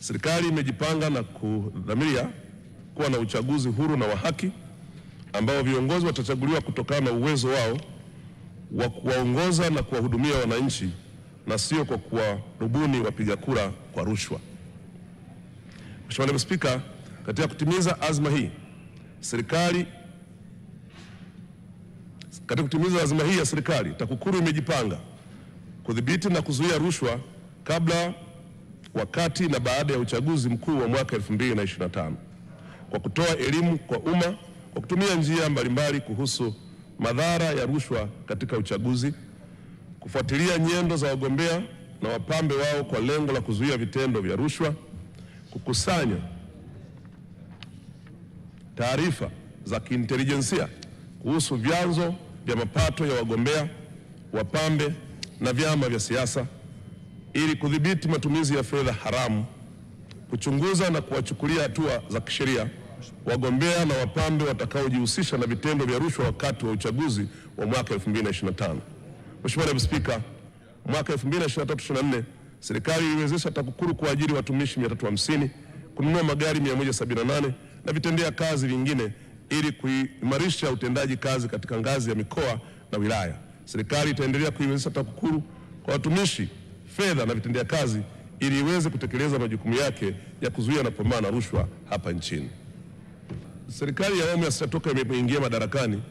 Serikali imejipanga na kudhamiria kuwa na uchaguzi huru na wa haki ambao viongozi watachaguliwa kutokana na uwezo wao wa kuwaongoza na kuwahudumia wananchi na sio kwa kuwarubuni wapiga kura kwa rushwa. Mheshimiwa Naibu Spika, katika kutimiza azma hii serikali katika kutimiza azma hii ya serikali, TAKUKURU imejipanga kudhibiti na kuzuia rushwa kabla wakati na baada ya uchaguzi mkuu wa mwaka 2025 kwa kutoa elimu kwa umma kwa kutumia njia mbalimbali kuhusu madhara ya rushwa katika uchaguzi, kufuatilia nyendo za wagombea na wapambe wao kwa lengo la kuzuia vitendo vya rushwa, kukusanya taarifa za kiintelijensia kuhusu vyanzo vya mapato ya wagombea, wapambe na vyama vya siasa ili kudhibiti matumizi ya fedha haramu, kuchunguza na kuwachukulia hatua za kisheria wagombea na wapambe watakaojihusisha na vitendo vya rushwa wakati wa uchaguzi wa mwaka 2025. Mheshimiwa Naibu Spika, mwaka 2023/24 serikali iliwezesha TAKUKURU kuajiri watumishi 350, kununua magari 178 na vitendea kazi vingine ili kuimarisha utendaji kazi katika ngazi ya mikoa na wilaya. Serikali itaendelea kuiwezesha TAKUKURU kwa watumishi fedha na vitendea kazi ili iweze kutekeleza majukumu yake ya kuzuia na kupambana na rushwa hapa nchini. Serikali ya awamu ya sita toka imeingia madarakani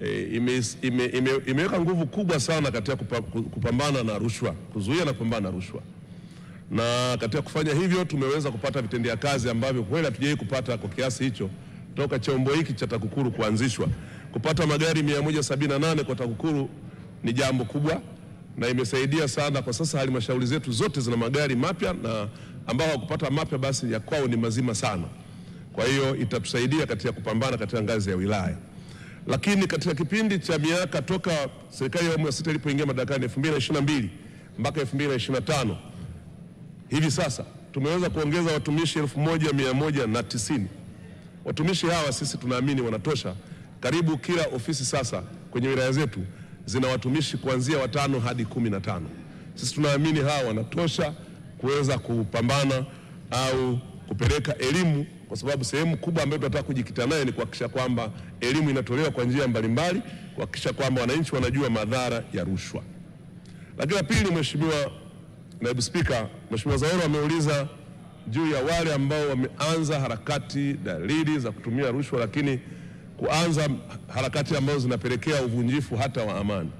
e, ime, ime, ime, imeweka nguvu kubwa sana katika kupambana na rushwa, kuzuia na kupambana na rushwa, na katika kufanya hivyo tumeweza kupata vitendea kazi ambavyo kweli hatujawahi kupata kwa kiasi hicho toka chombo hiki cha TAKUKURU kuanzishwa. Kupata magari 178 kwa TAKUKURU ni jambo kubwa na imesaidia sana. Kwa sasa halmashauri zetu zote zina magari mapya na ambao hawakupata mapya basi ya kwao ni mazima sana. Kwa hiyo itatusaidia katika kupambana katika ngazi ya wilaya. Lakini katika kipindi cha miaka toka serikali ya awamu ya sita ilipoingia madarakani 2022 mpaka 2025 hivi sasa tumeweza kuongeza watumishi 1190. Watumishi hawa sisi tunaamini wanatosha karibu kila ofisi sasa kwenye wilaya zetu zina watumishi kuanzia watano hadi kumi na tano. Sisi tunaamini hawa wanatosha kuweza kupambana au kupeleka elimu, kwa sababu sehemu kubwa ambayo tunataka kujikita nayo ni kuhakikisha kwamba elimu inatolewa kwa njia mbalimbali, kuhakikisha kwamba wananchi wanajua madhara ya rushwa. Lakini la pili, Mheshimiwa Naibu Spika, Mheshimiwa Zaoro ameuliza juu ya wale ambao wameanza harakati, dalili za kutumia rushwa lakini kuanza harakati ambazo zinapelekea uvunjifu hata wa amani.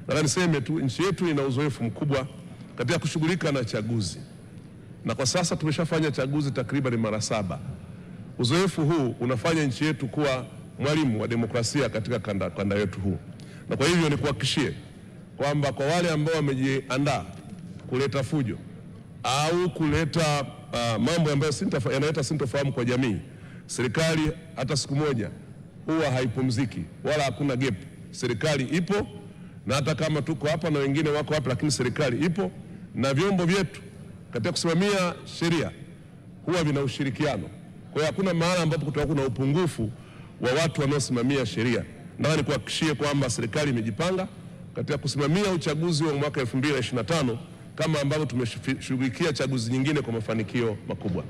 Nataka niseme tu nchi yetu ina uzoefu mkubwa katika kushughulika na chaguzi, na kwa sasa tumeshafanya chaguzi takriban mara saba. Uzoefu huu unafanya nchi yetu kuwa mwalimu wa demokrasia katika kanda, kanda yetu huu, na kwa hivyo nikuhakikishie kwamba kwa wale ambao wamejiandaa kuleta fujo au kuleta uh, mambo ambayo yanaleta sintofahamu kwa jamii, serikali hata siku moja huwa haipumziki wala hakuna gap. Serikali ipo na hata kama tuko hapa na wengine wako hapa, lakini serikali ipo na vyombo vyetu katika kusimamia sheria huwa vina ushirikiano. Kwa hiyo hakuna mahala ambapo kutakuwa kuna upungufu wa watu wanaosimamia sheria. Nataka nikuhakikishie kwamba serikali imejipanga katika kusimamia uchaguzi wa mwaka 2025 kama ambavyo tumeshughulikia chaguzi nyingine kwa mafanikio makubwa.